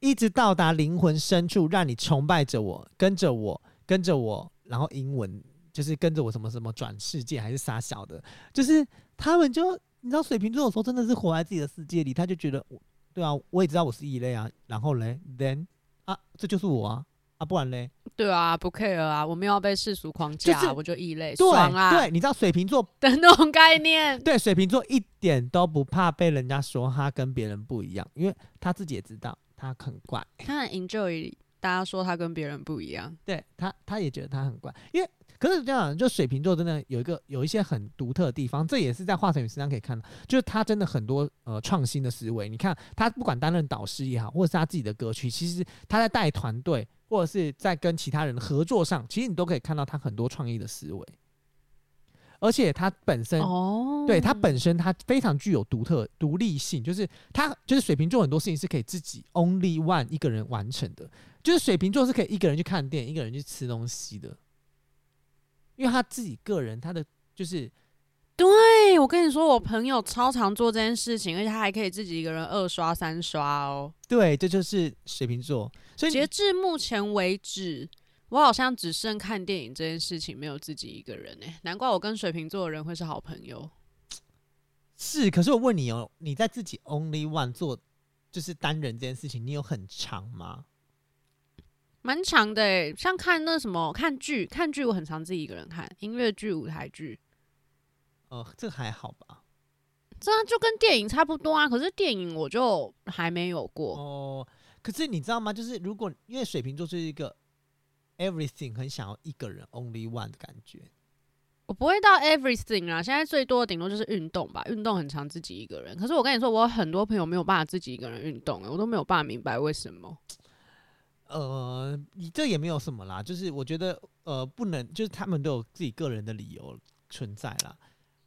一直到達靈魂深處，讓你崇拜着我，跟着我，跟着我，然後英文。就是跟着我什麼什麼轉世界，還是傻笑的。就是他們就你知道，水瓶座有時候真的是活在自己的世界裡。他就覺得我，對啊，我也知道我是異類啊。然後嘞，then 啊，這就是我啊啊，不然嘞，對啊，不 care 啊，我沒有要被世俗框架，就是，我就異類，對啊，對，你知道水瓶座的那種概念，對，水瓶座一點都不怕被人家說他跟別人不一樣，因為他自己也知道他很怪，欸，他很 enjoy 大家說他跟別人不一樣，對他，他也覺得他很怪，因為。可是這樣，就水瓶座真的有一個有一些很獨特的地方，這也是在華晨宇身上可以看到，就是他真的很多呃創新的思維。你看他不管擔任導師也好，或者是他自己的歌曲，其實他在帶團隊或者是在跟其他人合作上，其實你都可以看到他很多創意的思維。而且他本身、哦、對他本身他非常具有獨特獨立性，就是他就是水瓶座很多事情是可以自己 only one 一個人完成的，就是水瓶座是可以一個人去看電影，一個人去吃東西的。因為他自己個人，他的就是對。對，我跟你說，我朋友超常做這件事情，而且他還可以自己一個人二刷三刷哦。對，這就是水瓶座。所以截至目前為止，我好像只剩看電影這件事情沒有自己一個人哎，難怪我跟水瓶座的人會是好朋友。是，可是我問你哦，你在自己 only one 做就是單人這件事情，你有很長嗎？蠻長的誒、欸，像看那什麼看劇，看劇我很常自己一個人看音樂劇、舞台劇。哦、呃，這還好吧？這樣就跟電影差不多啊。可是電影我就還沒有過哦。可是你知道嗎？就是如果因為水瓶座是一個 everything 很想要一個人 only one 的感覺，我不會到 everything 啊。現在最多的頂多就是運動吧，運動很常，自己一個人。可是我跟你說，我很多朋友沒有辦法自己一個人運動、欸，我都沒有辦法明白為什麼。呃，你這也沒有什麼啦，就是我覺得呃，不能就是他們都有自己個人的理由存在啦，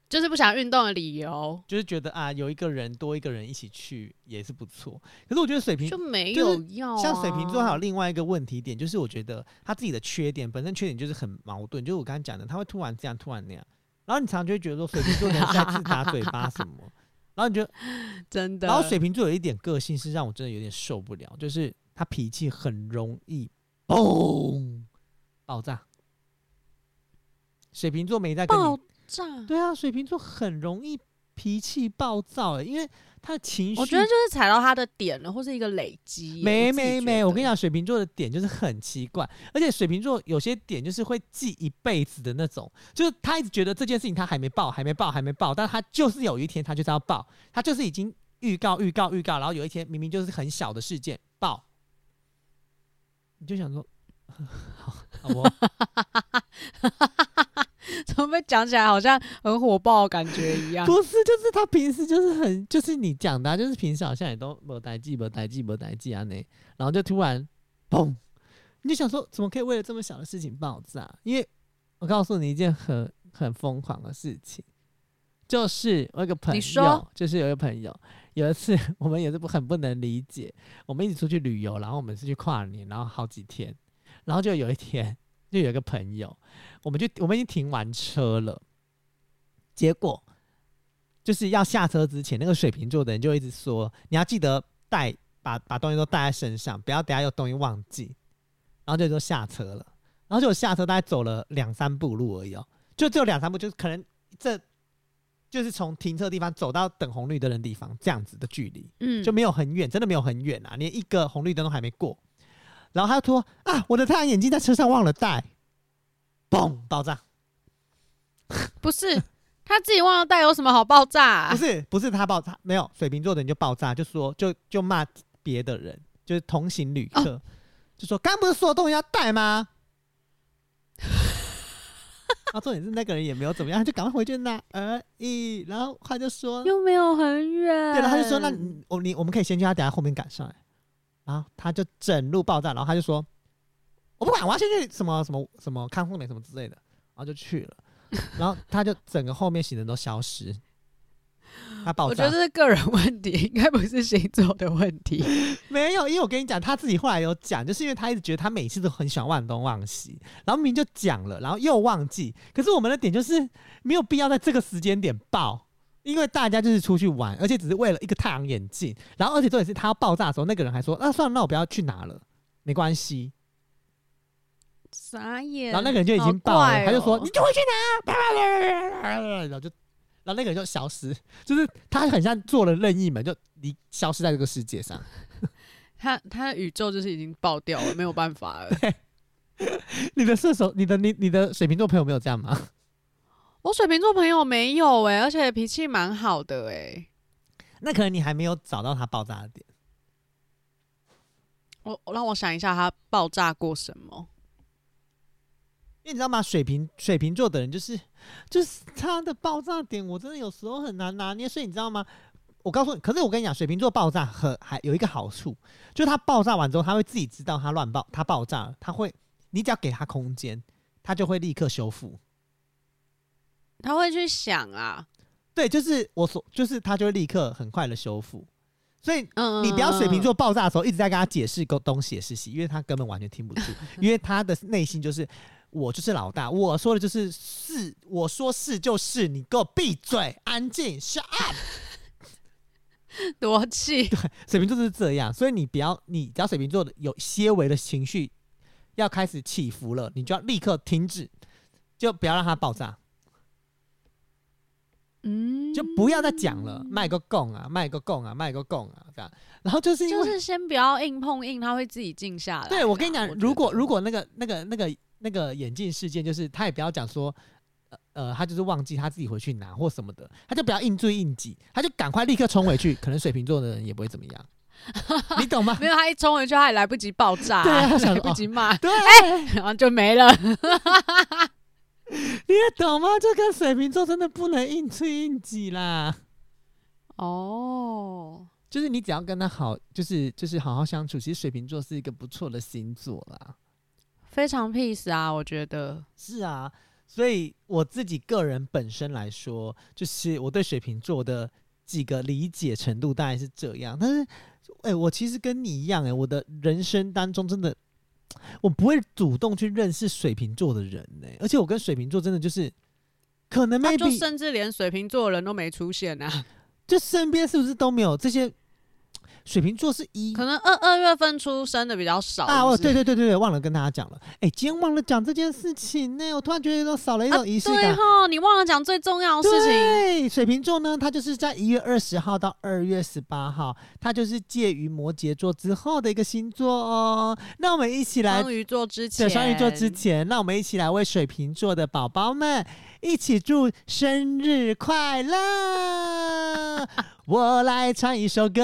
就是不想運動的理由，就是覺得啊，有一個人多一個人一起去也是不錯。可是我覺得水瓶就沒有就像水瓶座還有另外一個問題點，啊、就是我覺得他自己的缺點本身缺點就是很矛盾，就是我剛才講的，他會突然這樣突然那樣，然後你常常就會覺得說水瓶座人在自打嘴巴什麼， 然後你就真的，然後水瓶座有一點個性是讓我真的有點受不了，就是。他脾氣很容易嘣爆炸。水瓶座沒在跟你爆炸，對啊，水瓶座很容易脾氣暴躁，因為他的情緒，我覺得就是踩到他的點了，或是一個累積。沒沒沒我，我跟你講，水瓶座的點就是很奇怪，而且水瓶座有些點就是會記一輩子的那種，就是他一直覺得這件事情他還沒爆，還沒爆，還沒爆，但他就是有一天他就是要爆，他就是已經預告、預告、預告，然後有一天明明就是很小的事件爆。你就想說，好，好不好？ 怎麼被講起來好像很火爆感覺一樣？不是，就是他平時就是很，就是你講的啊，就是平時好像也都沒有代誌，沒有代誌，沒有代誌啊，那然後就突然嘣，你就想說，怎麼可以為了這麼小的事情爆炸？因為我告訴你一件很很瘋狂的事情，就是我有個朋友，就是有一個朋友。有一次，我們也是不很不能理解，我們一起出去旅遊，然後我們是去跨年，然後好幾天，然後就有一天，就有一個朋友，我們就我們已經停完車了，結果就是要下車之前，那個水瓶座的人就一直說，你要記得帶把把東西都帶在身上，不要等下有東西忘記，然後就都下車了，然後就下車大概走了兩三步路而已哦，就只有兩三步，就是可能這。就是從停車的地方走到等紅綠燈的地方這樣子的距離，嗯，就沒有很遠，真的沒有很遠啊，連一個紅綠燈都還沒過。然後他說：“啊，我的太陽眼鏡在車上忘了帶，嘣，爆炸！” 不是他自己忘了帶，有什麼好爆炸啊？ 不是，不是他爆炸，沒有，水瓶座的人就爆炸，就說就就罵別的人，就是同行旅客，哦，就說剛不是說東西要帶嗎？啊，重點是那個人也沒有怎麼樣，他就趕快回去拿而已。然後他就說，又沒有很遠。對，然後他就說，那你我你我們可以先去，他等下後面趕上來。啊，他就整路爆炸，然後他就說，我不管，我要先去什麼什麼什麼看後面什麼之類的，然後就去了。 然後他就整個後面行人都消失。他爆炸，我覺得這是個人問題，應該不是星座的問題。 沒有，因為我跟你講，他自己後來有講，就是因為他一直覺得他每次都很喜歡忘東忘西，然後明明就講了，然後又忘記。可是我們的點就是沒有必要在這個時間點爆，因為大家就是出去玩，而且只是為了一個太陽眼鏡。然後，而且重點是他要爆炸的時候，那個人還說：“那、啊、算了，那我不要去拿了，沒關係。”傻眼，然後那個人就已經爆了，喔、他就說：“你就會去拿，啪然後就。那那個就消失，就是他很像做了任意門，就離消失在這個世界上。 他他的宇宙就是已經爆掉了， 沒有辦法了。 你的射手，你的你你的水瓶座朋友沒有這樣嗎？我水瓶座朋友沒有哎、欸，而且脾氣蠻好的哎、欸。那可能你還沒有找到他爆炸的點。嗯、我讓我想一下，他爆炸過什麼？因為你知道嗎，水瓶水瓶座的人就是就是他的爆炸點，我真的有時候很難拿捏。所以你知道嗎？我告訴你，可是我跟你講，水瓶座爆炸很還有一個好處，就是他爆炸完之後，他會自己知道他亂爆，他爆炸了，他會，你只要給他空間，他就會立刻修復。他會去想啊，對，就是我所，就是他就會立刻很快的修復。所以，嗯，你不要水瓶座爆炸的時候一直在跟他解釋東東西也是西，因為他根本完全聽不出， 因為他的內心就是。我就是老大，我說的就是是，我說是就是，你給我閉嘴，安靜，shut up，多氣。對，水瓶座就是這樣，所以你不要，你只要水瓶座的有些微的情緒要開始起伏了，你就要立刻停止，就不要讓它爆炸。嗯，就不要再講了，賣個供啊，賣個供啊，賣個供啊這樣、啊。然後就是就是先不要硬碰硬，他會自己靜下來。對，我跟你講，如果如果那個那個那個。那個那個眼鏡事件，就是他也不要講說，呃呃，他就是忘記他自己回去拿或什麼的，他就不要硬追硬擠，他就趕快立刻衝回去。 可能水瓶座的人也不會怎麼樣， 你懂嗎？ 沒有，他一衝回去，他也來不及爆炸、啊 對啊他想，來不及罵、哦，對、欸，然後就沒了。 你也懂嗎？這個水瓶座真的不能硬追硬擠啦。哦、oh.，就是你只要跟他好，就是就是好好相處。其實水瓶座是一個不錯的星座啦。非常 peace 啊，我覺得是啊，所以我自己個人本身來說，就是我對水瓶座的幾個理解程度大概是這樣。但是，哎、欸，我其實跟你一樣、欸，哎，我的人生當中真的，我不會主動去認識水瓶座的人呢、欸。而且，我跟水瓶座真的就是可能沒，就甚至連水瓶座的人都沒出現呢、啊。 就身邊是不是都沒有這些？水瓶座是一，可能二二月份出生的比較少啊。我、啊，對對對對，忘了跟大家講了。哎、欸，今天忘了講這件事情呢、欸，我突然覺得都少了一種儀式感哈、啊哦。你忘了講最重要的事情。對，水瓶座呢，它就是在一月二十號到二月十八號，它就是介於摩羯座之後的一個星座哦。那我們一起來雙魚座之前對，雙魚座之前，那我們一起來為水瓶座的寶寶們一起祝生日快樂。 我來唱一首歌。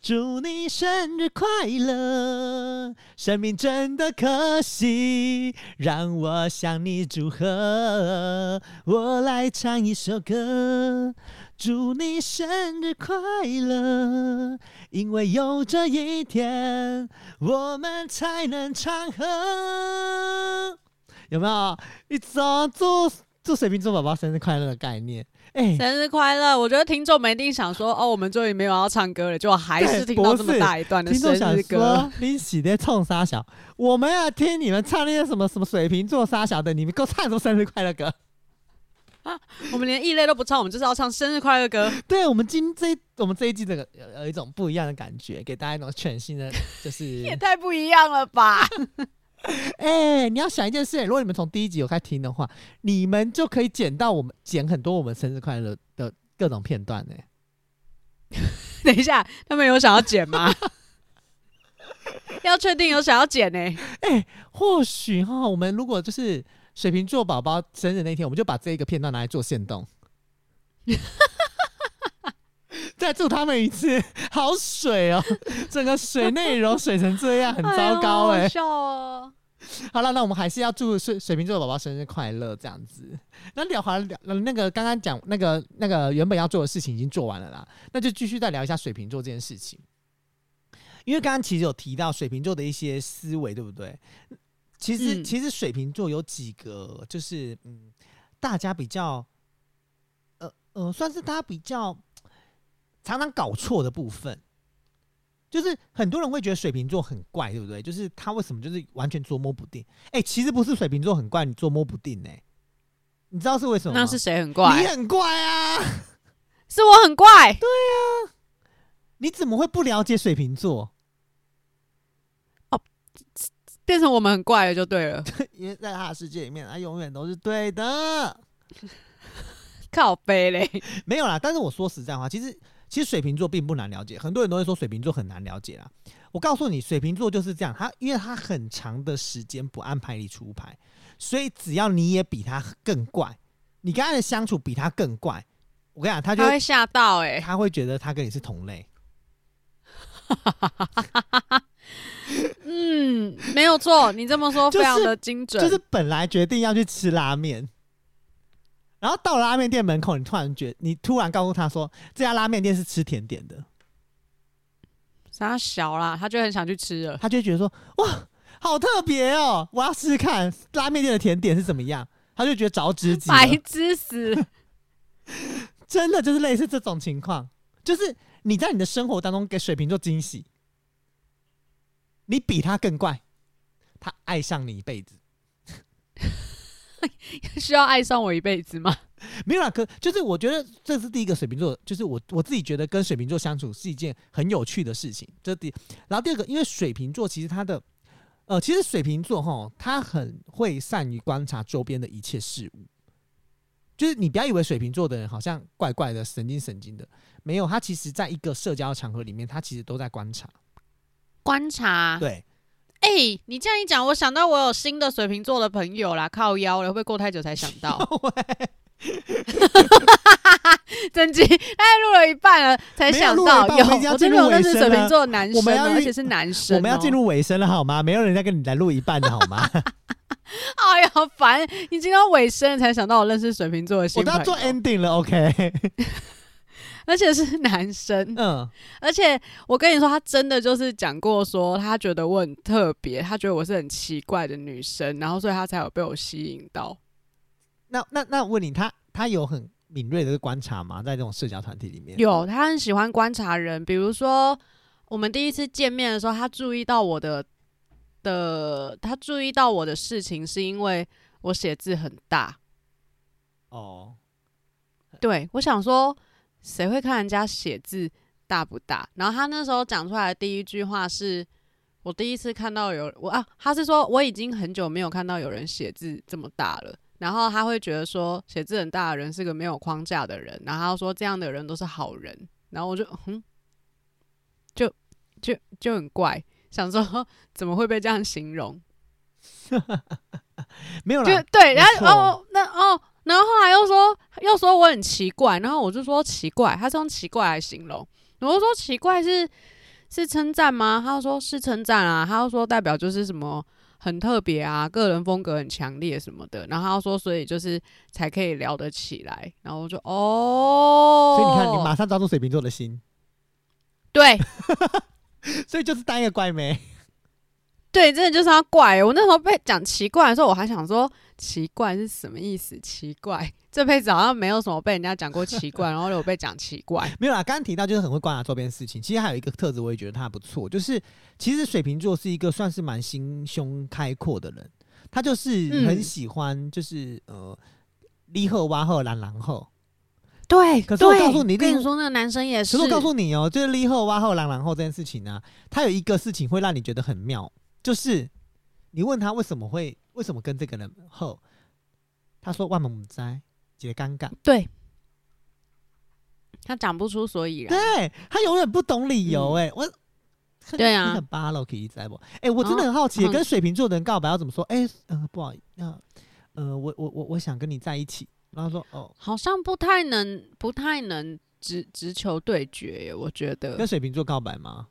祝你生日快樂！生命真的可惜，讓我向你祝賀。我來唱一首歌，祝你生日快樂。因為有這一天，我們才能唱和。有沒有你 t s o 祝水瓶座寶寶生日快樂的概念。哎，生日快樂！我覺得聽眾們一定想說哦，我們終於沒有要唱歌了，就還是聽到這麼大一段的生日歌。聽眾，你是在唱沙小，我們要聽你們唱那些什麼什麼水瓶座沙小的，你們夠唱什麼生日快樂歌？啊，我們連異類都不唱，我們就是要唱生日快樂歌。 對，我們今天這我們這一季這個有，有一種不一樣的感覺，給大家一種全新的， 就是也太不一樣了吧。 哎、欸，你要想一件事，欸，如果你們從第一集有開始聽的話，你們就可以剪到，我們剪很多我們生日快樂的各種片段呢、欸。等一下，他們有想要剪嗎？ 要確定有想要剪呢、欸？哎、欸，或許哈、喔，我們如果就是水瓶座寶寶生日那天，我們就把這一個片段拿來做限動。 再祝他們一次，好水哦、喔，整個水內容水成這樣，很糟糕、欸、哎，笑哦。好了，那我們還是要祝水水瓶座的寶寶生日快樂，這樣子。那聊完了，那個剛剛講那個那個原本要做的事情已經做完了啦，那就繼續再聊一下水瓶座這件事情。因為剛剛其實有提到水瓶座的一些思維，對不對？其實其實水瓶座有幾個，就是嗯，大家比較，呃呃，算是大家比較常常搞錯的部分。就是很多人會覺得水瓶座很怪，對不對？就是他為什麼就是完全捉摸不定？哎、欸，其實不是水瓶座很怪，你捉摸不定呢、欸。你知道是為什麼嗎？那是誰很怪？你很怪啊！ 是我很怪。對啊，你怎麼會不了解水瓶座？哦，變成我們很怪了就對了， 因為在他的世界裡面，他永遠都是對的。 靠背嘞，沒有啦。但是我說實在話，其實。其實水瓶座並不難了解，很多人都會說水瓶座很難了解啦。我告訴你，水瓶座就是這樣，他因為他很長的時間不按牌理出牌，所以只要你也比他更怪，你跟他的相處比他更怪，我跟你講，他就會嚇到哎、欸，他會覺得他跟你是同類。 嗯，沒有錯，你這麼說非常的精準，就是、就是、本來決定要去吃拉麵。然後到了拉麵店門口，你突然覺得，你突然告訴他說，這家拉麵店是吃甜點的。三小啦，他就很想去吃了，他就覺得說，哇，好特別哦、喔，我要試試看拉麵店的甜點是怎麼樣。他就覺得找知己，白知識， 真的就是類似這種情況，就是你在你的生活當中給水瓶座驚喜，你比他更怪，他愛上你一輩子。 需要愛上我一輩子嗎？沒有啦。可就是我覺得這是第一個水瓶座，就是我我自己覺得跟水瓶座相處是一件很有趣的事情。這第，然後第二個，因為水瓶座其實他的呃，其實水瓶座哈，他很會善於觀察周邊的一切事物。就是你不要以為水瓶座的人好像怪怪的、神經神經的，沒有，他其實在一個社交場合裡面，他其實都在觀察，觀察，對。哎、欸，你這樣一講，我想到我有新的水瓶座的朋友啦，靠腰了，會不會過太久才想到？真機， 哎，錄了一半了才想到有，我，我真的有認識的是水瓶座的男生，而且是男生，哦。我們要進入尾聲了好嗎？沒有人在跟你來錄一半的好嗎？ 哎呀，好煩！你今天尾聲了才想到我認識水瓶座的，我都要做 ending 了，OK。 而且是男生，嗯，而且我跟你說，他真的就是講過說，說他覺得我很特別，他覺得我是很奇怪的女生，然後所以他才有被我吸引到。那那那，那問你，他他有很敏銳的觀察嗎？在這種社交團體裡面，有他很喜歡觀察人，比如說我們第一次見面的時候，他注意到我的的，他注意到我的事情是因為我寫字很大。哦，對，我想說。誰會看人家寫字大不大？然後他那時候講出來的第一句話是：我第一次看到有人我啊，他是說我已經很久沒有看到有人寫字這麼大了。然後他會覺得說，寫字很大的人是個沒有框架的人。然後他說這樣的人都是好人。然後我就嗯，就就就，就很怪，想說怎麼會被這樣形容？ 沒有了，對，然後、啊、哦，那哦。然後後來又說，又說我很奇怪，然後我就說奇怪，他是用奇怪來形容，我就說奇怪是是稱讚嗎？他說是稱讚啊，他說代表就是什麼很特別啊，個人風格很強烈什麼的，然後他說所以就是才可以聊得起來，然後我就哦，所以你看你馬上抓住水瓶座的心，對， 所以就是當一個怪美，對，真的就是他怪，我那時候被講奇怪的時候，我還想說。奇怪是什麼意思？奇怪，這輩子好像沒有什麼被人家講過奇怪，然後有被講奇怪。 沒有啦，剛剛提到就是很會觀察周邊事情。其實還有一個特質，我也覺得他不錯，就是其實水瓶座是一個算是蠻心胸開闊的人，他就是很喜歡就是、嗯、呃，立後挖後，蘭然後。對，可是我告訴你，跟你說那男生也是。可是我告訴你哦、喔，就是立後挖後，蘭然後這件事情呢、啊，他有一個事情會讓你覺得很妙，就是你問他為什麼會。為什麼跟這個人後，他說萬母在，覺得尷尬。對，他講不出所以然。對，他永遠不懂理由。哎、嗯，我對啊，你很巴洛克在不？哎、欸，我真的很好奇、哦，跟水瓶座的人告白要怎麼說？哎、欸，呃，不好意思，呃，我我我我想跟你在一起。然後說哦，好像不太能，不太能直直球對決耶。我覺得跟水瓶座告白嗎？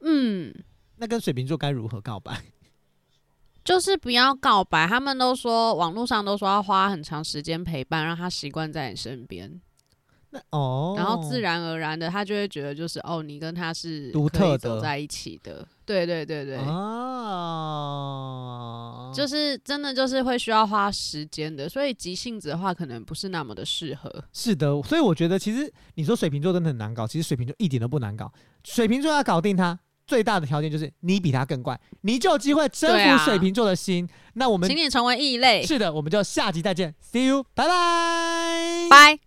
嗯，那跟水瓶座該如何告白？就是不要告白，他們都說，網絡上都說要花很長時間陪伴，讓他習慣在你身邊。那哦，然後自然而然的他就會覺得就是哦，你跟他是獨特的走在一起的。的。對對對對，哦，就是真的就是會需要花時間的，所以急性子的話可能不是那麼的適合。是的，所以我覺得其實你說水瓶座真的很難搞，其實水瓶座一點都不難搞，水瓶座要搞定他。最大的條件就是你比他更怪，你就有機會征服水瓶座的心。啊。那我們，請你成為異類。是的，我們就下集再見，See you，拜拜，拜。